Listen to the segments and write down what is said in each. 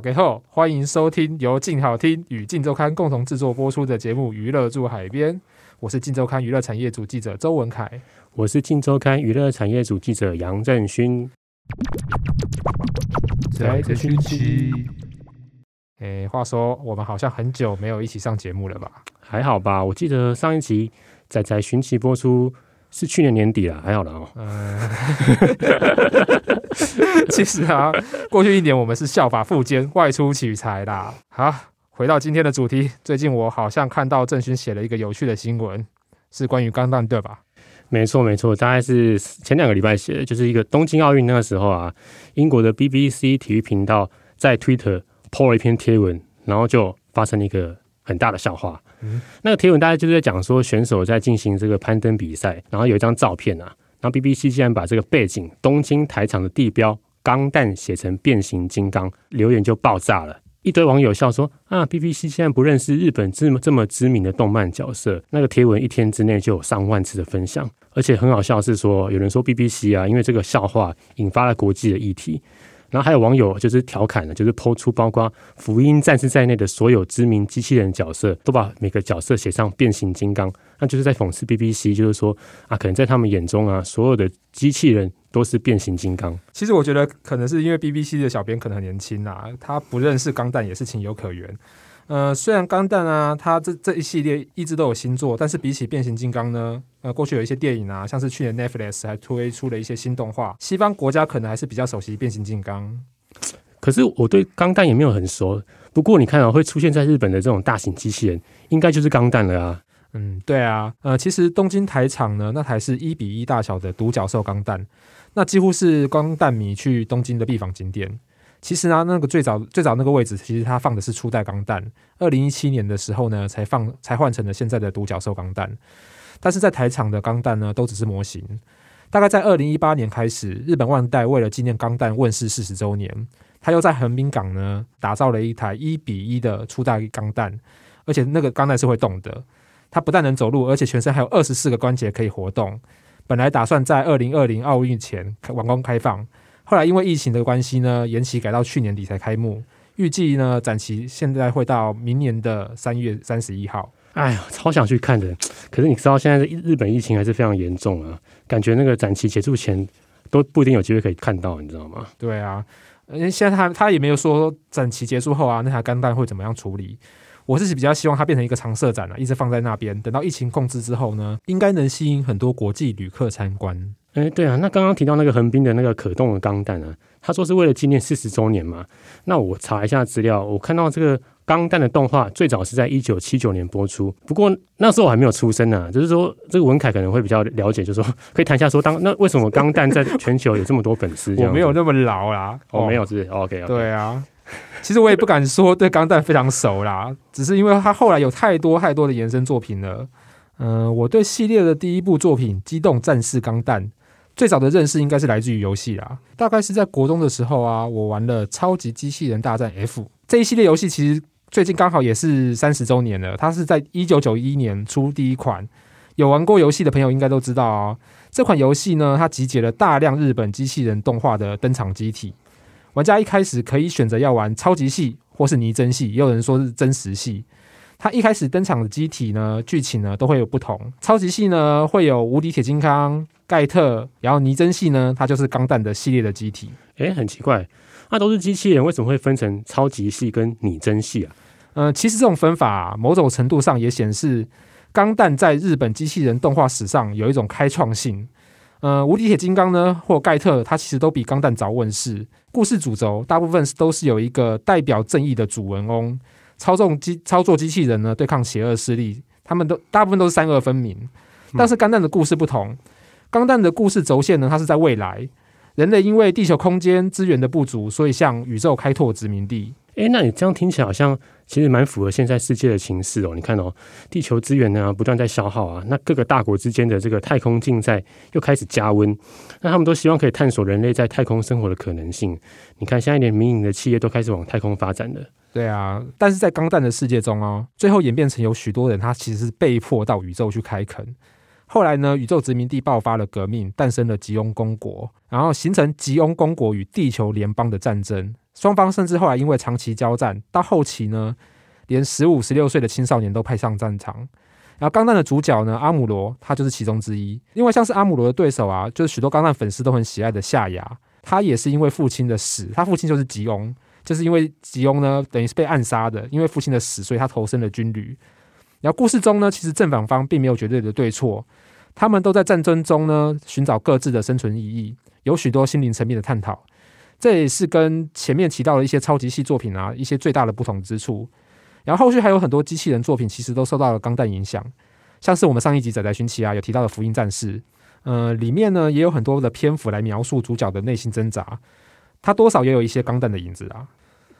Hello，歡迎收聽由靜好聽與靜週刊共同制作播出的節目《娛樂住海邊》，我是靜週刊娛樂產業組記者周文凱，我是靜週刊娛樂產業組記者楊振勛。仔仔尋奇，哎，話說我們好像很久沒有一起上節目了吧？還好吧？我記得上一集仔仔尋奇播出。是去年年底了，還好啦哦。其實啊，過去一年我們是效法富堅外出取材啦。好，回到今天的主題，最近我好像看到鄭勳寫了一個有趣的新聞，是關於鋼彈，對吧？沒錯，沒錯，大概是前兩個禮拜寫的，就是一個東京奧運那個時候啊，英國的 BBC 體育頻道在 Twitter 拋了一篇貼文，然後就發生了一個很大的笑話。那個貼文大概就是在講說選手在進行這個攀登比賽，然後有一張照片啊，然後 BBC 竟然把這個背景東京台場的地標鋼彈寫成變形金剛，留言就爆炸了，一堆網友笑說啊，BBC 竟然不認識日本這麼這麼知名的動漫角色。那個貼文一天之內就有上萬次的分享，而且很好笑的是說有人說 BBC 啊，因為這個笑話引發了國際的議題。然後還有網友就是調侃了，就是拋出包括《福音戰士》在內的所有知名機器人角色，都把每個角色寫上變形金剛，那就是在諷刺 BBC，就是說啊，可能在他們眼中啊，所有的機器人都是變形金剛。其實我覺得可能是因為 BBC 的小編可能很年輕啊，他不認識鋼彈也是情有可原。呃，雖然鋼彈啊，它這這一系列一直都有新作，但是比起變形金剛呢，呃，過去有一些電影啊，像是去年 Netflix 還推出了一些新動畫，西方國家可能還是比較熟悉變形金剛。可是我對鋼彈也沒有很熟，不過你看啊、哦，會出現在日本的這種大型機器人，應該就是鋼彈了啊。嗯，對啊，呃，其實東京台場呢，那台是一比一大小的獨角獸鋼彈，那幾乎是鋼彈迷去東京的必訪景點。其實呢，那個最早最早那個位置，其實它放的是初代鋼彈。二零一七年的時候呢，才放，才換成了現在的獨角獸鋼彈。但是在台場的鋼彈呢，都只是模型。大概在二零一八年開始，日本萬代為了紀念鋼彈問世四十周年，他又在橫濱港呢打造了一台一比一的初代鋼彈，而且那個鋼彈是會動的。它不但能走路，而且全身還有二十四個關節可以活動。本來打算在二零二零奧運前完工開放。後來因為疫情的關係呢，延期改到去年底才開幕。預計呢，展期現在會到明年的三月三十一號。哎呀，超想去看的，可是你知道現在日本疫情還是非常嚴重啊，感覺那個展期結束前都不一定有機會可以看到，你知道嗎？對啊，因為，呃，現在他他也沒有說展期結束後啊，那台鋼彈會怎麼樣處理。我是比較希望它變成一個常設展了啊，一直放在那邊，等到疫情控制之後呢，應該能吸引很多國際旅客參觀。哎，對啊，那剛剛提到那個橫濱的那個可動的鋼彈呢、啊？他說是為了紀念四十周年嘛。那我查一下資料，我看到這個鋼彈的動畫最早是在一九七九年播出，不過那時候我還沒有出生呢、啊。就是說，這個文凱可能會比較了解，就是說可以談一下說，當那為什麼鋼彈在全球有這麼多粉絲？ 我沒有那麼老啦，我沒有是，是 OK, okay. 對啊， 其實我也不敢說對鋼彈非常熟啦，只是因為他後來有太多太多的延伸作品了。嗯、呃，我對系列的第一部作品《機動戰士鋼彈》。最早的認識應該是來自於遊戲啦，大概是在國中的時候啊，我玩了《超級機器人大戰 F》這一系列遊戲，其實最近剛好也是三十週年了。它是在一九九一年出第一款，有玩過遊戲的朋友應該都知道啊、哦，這款遊戲呢，它集結了大量日本機器人動畫的登場機體，玩家一開始可以選擇要玩超級系或是擬真系，也有人說是真實系。他一開始登場的機體呢，劇情呢都會有不同。超級系呢會有無敵鐵金剛、蓋特，然後擬真系呢，它就是鋼彈的系列的機體。哎、欸，很奇怪，那、啊、都是機器人，為什麼會分成超級系跟擬真系啊？嗯、呃，其實這種分法、啊、某種程度上也顯示，鋼彈在日本機器人動畫史上有一種開創性。呃，無敵鐵金剛呢或蓋特，它其實都比鋼彈早問世。故事主軸大部分都是有一個代表正義的主人翁。操縱機操作機器人呢，對抗邪惡勢力，他們都大部分都是善惡分明。但是鋼彈的故事不同，鋼彈的故事軸線呢，它是在未來，人類因為地球空間資源的不足，所以向宇宙開拓殖民地。誒、欸，那你這樣聽起來好像其實蠻符合現在世界的情勢哦。你看哦，地球資源呢不斷在消耗啊，那各個大國之間的這個太空競賽又開始加溫，那他們都希望可以探索人類在太空生活的可能性。你看，現在連民營的企業都開始往太空發展了。對啊，但是在鋼彈的世界中哦、啊，最後演變成有許多人他其實是被迫到宇宙去開墾。後來呢，宇宙殖民地爆發了革命，誕生了吉翁公國，然後形成吉翁公國與地球聯邦的戰爭。雙方甚至後來因為長期交戰，到後期呢，連十五、十六歲的青少年都派上戰場。然後鋼彈的主角呢，阿姆羅，他就是其中之一。因為像是阿姆羅的對手啊，就是許多鋼彈粉絲都很喜愛的夏亞，他也是因為父親的死，他父親就是吉翁。就是因為吉翁呢，等於是被暗殺的，因為父親的死，所以他投身了軍旅。然後故事中呢，其實正反方並沒有絕對的對錯，他們都在戰爭中呢尋找各自的生存意義，有許多心靈層面的探討。這也是跟前面提到的一些超級系作品啊，一些最大的不同之處。然後後續還有很多機器人作品，其實都受到了《鋼彈》影響，像是我們上一集仔仔尋奇啊有提到的《福音戰士》呃，嗯，裡面呢也有很多的篇幅來描述主角的內心掙扎。他多少也有一些鋼彈的影子啊，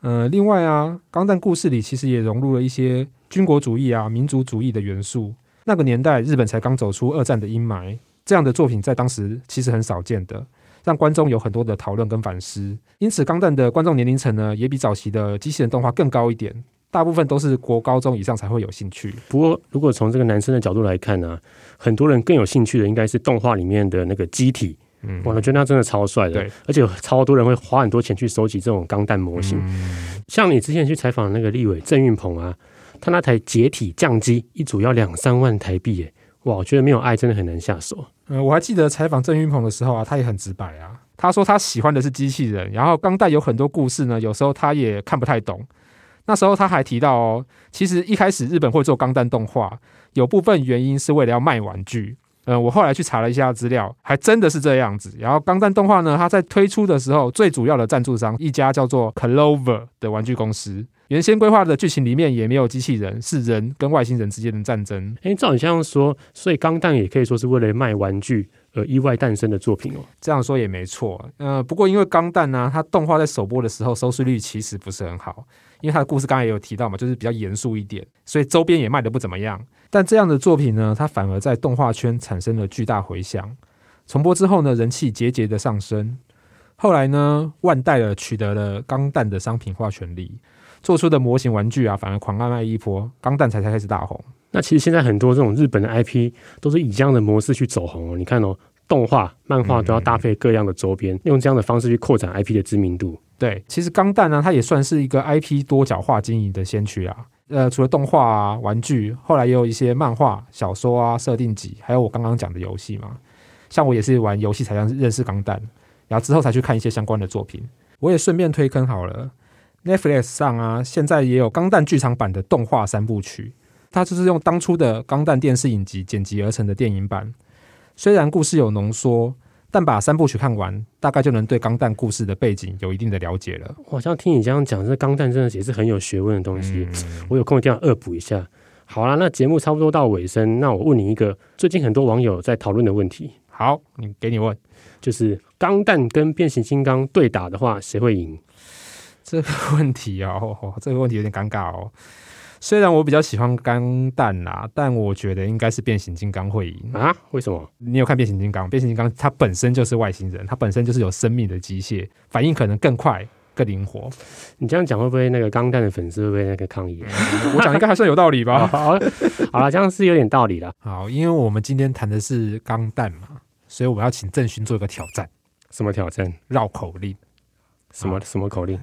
呃，另外啊，鋼彈故事裡其實也融入了一些軍國主義啊、民族主義的元素。那個年代，日本才剛走出二戰的陰霾，這樣的作品在當時其實很少見的，讓觀眾有很多的討論跟反思。因此，鋼彈的觀眾年齡層呢，也比早期的機器人動畫更高一點，大部分都是國高中以上才會有興趣。不過，如果從這個男生的角度來看呢，啊，很多人更有興趣的應該是動畫裡面的那個機體。哇，嗯、我覺得那真的超帥的。對而且有超多人會花很多錢去收集這種鋼彈模型。嗯、像你之前去採訪那個立委鄭運鵬啊，他那台解體降機一組要兩三萬台幣，欸，哇，我覺得沒有愛真的很難下手。嗯、我還記得採訪鄭運鵬的時候啊，他也很直白啊，他說他喜歡的是機器人，然後鋼彈有很多故事呢，有時候他也看不太懂。那時候他還提到哦，其實一開始日本會做鋼彈動畫，有部分原因是為了要賣玩具。嗯，我後來去查了一下資料，還真的是這樣子。然後《鋼彈》動畫呢，它在推出的時候，最主要的贊助商一家叫做 Clover 的玩具公司，原先規劃的劇情裡面也沒有機器人，是人跟外星人之間的戰爭。哎、欸，照你這樣說，所以《鋼彈》也可以說是為了賣玩具。呃，意外誕生的作品哦，這樣說也沒錯。呃，不過因為鋼彈呢、啊，它動畫在首播的時候收視率其實不是很好，因為它的故事剛才也有提到嘛，就是比較嚴肅一點，所以周邊也賣得不怎麼樣。但這樣的作品呢，它反而在動畫圈產生了巨大回響，重播之後呢，人氣節節的上升。後來呢，萬代了取得了鋼彈的商品化權利，做出的模型玩具啊，反而狂賣賣一波，鋼彈才才開始大紅。那其實現在很多這種日本的 IP 都是以這樣的模式去走紅哦。你看哦，動畫、漫畫都要搭配各樣的周邊，嗯嗯嗯，用這樣的方式去擴展 IP 的知名度。對，其實鋼彈呢、啊，它也算是一個 IP 多角化經營的先驅啊。呃，除了動畫、啊、玩具，後來也有一些漫畫、小說啊、設定集，還有我剛剛講的遊戲嘛。像我也是玩遊戲才認識認識鋼彈，然後之後才去看一些相關的作品。我也順便推坑好了，Netflix 上啊，現在也有鋼彈劇場版的動畫三部曲。它就是用當初的《鋼彈》電視影集剪輯而成的電影版，雖然故事有濃縮，但把三部曲看完，大概就能對《鋼彈》故事的背景有一定的了解了。我好像聽你這樣講，這《鋼彈》真的也是很有學問的東西。嗯、我有空一定要惡補一下。好啦，那節目差不多到尾聲，那我問你一個最近很多網友在討論的問題。好，你給你問，就是《鋼彈》跟《變形金剛》對打的話，誰會贏？這個問題啊、哦，這個問題有點尷尬哦。雖然我比較喜歡鋼彈啦，但我覺得應該是變形金剛會贏啊？為什麼？你有看變形金剛？變形金剛它本身就是外星人，它本身就是有生命的機械，反應可能更快、更靈活。你這樣講會不會那個鋼彈的粉絲會不會那個抗議、啊？ 我講應該還算有道理吧？ 好了，好了，這樣是有點道理了。 好，因為我們今天談的是鋼彈嘛，所以我要請鄭勳做一個挑戰。什麼挑戰？繞口令？什麼、啊、什麼口令？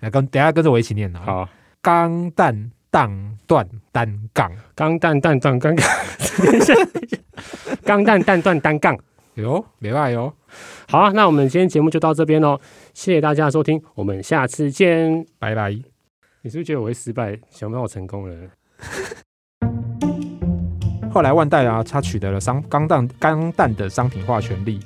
來跟等下跟着我一起念啊、哦！好，鋼彈。鋼彈單槓，鋼彈彈斷鋼槓，等一下，鋼彈彈斷單槓，喲，沒壞喲。好啊，那我們今天節目就到這邊哦。謝謝大家收聽，我們下次見，拜拜。你是不是覺得我會失敗？想不到我成功了。後來萬代啊，他取得了商鋼彈鋼彈的商品化權利，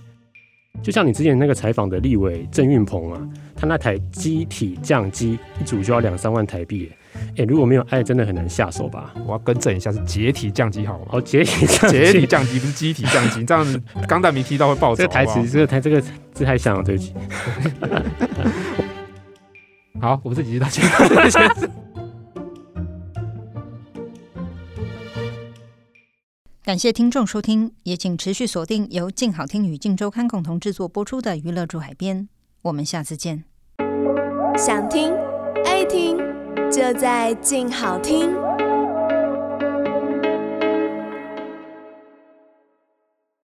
就像你之前那個採訪的立委鄭運鵬啊，他那台機體降機一組就要兩三萬台幣耶哎、欸，如果沒有愛，真的很難下手吧？我要更正一下，是解體降級，好嗎？哦，解體降解體降，你降級不是機體降級？ 這樣鋼彈明踢到會爆，這台詞這個台好好這個字、這個、太像了，對不起。 好，我們這集到此結束。 感謝聽眾收聽，也請持續鎖定由鏡好聽與鏡週刊共同制作播出的娛樂住海邊，我們下次見。想聽，愛聽。就在靜好聽。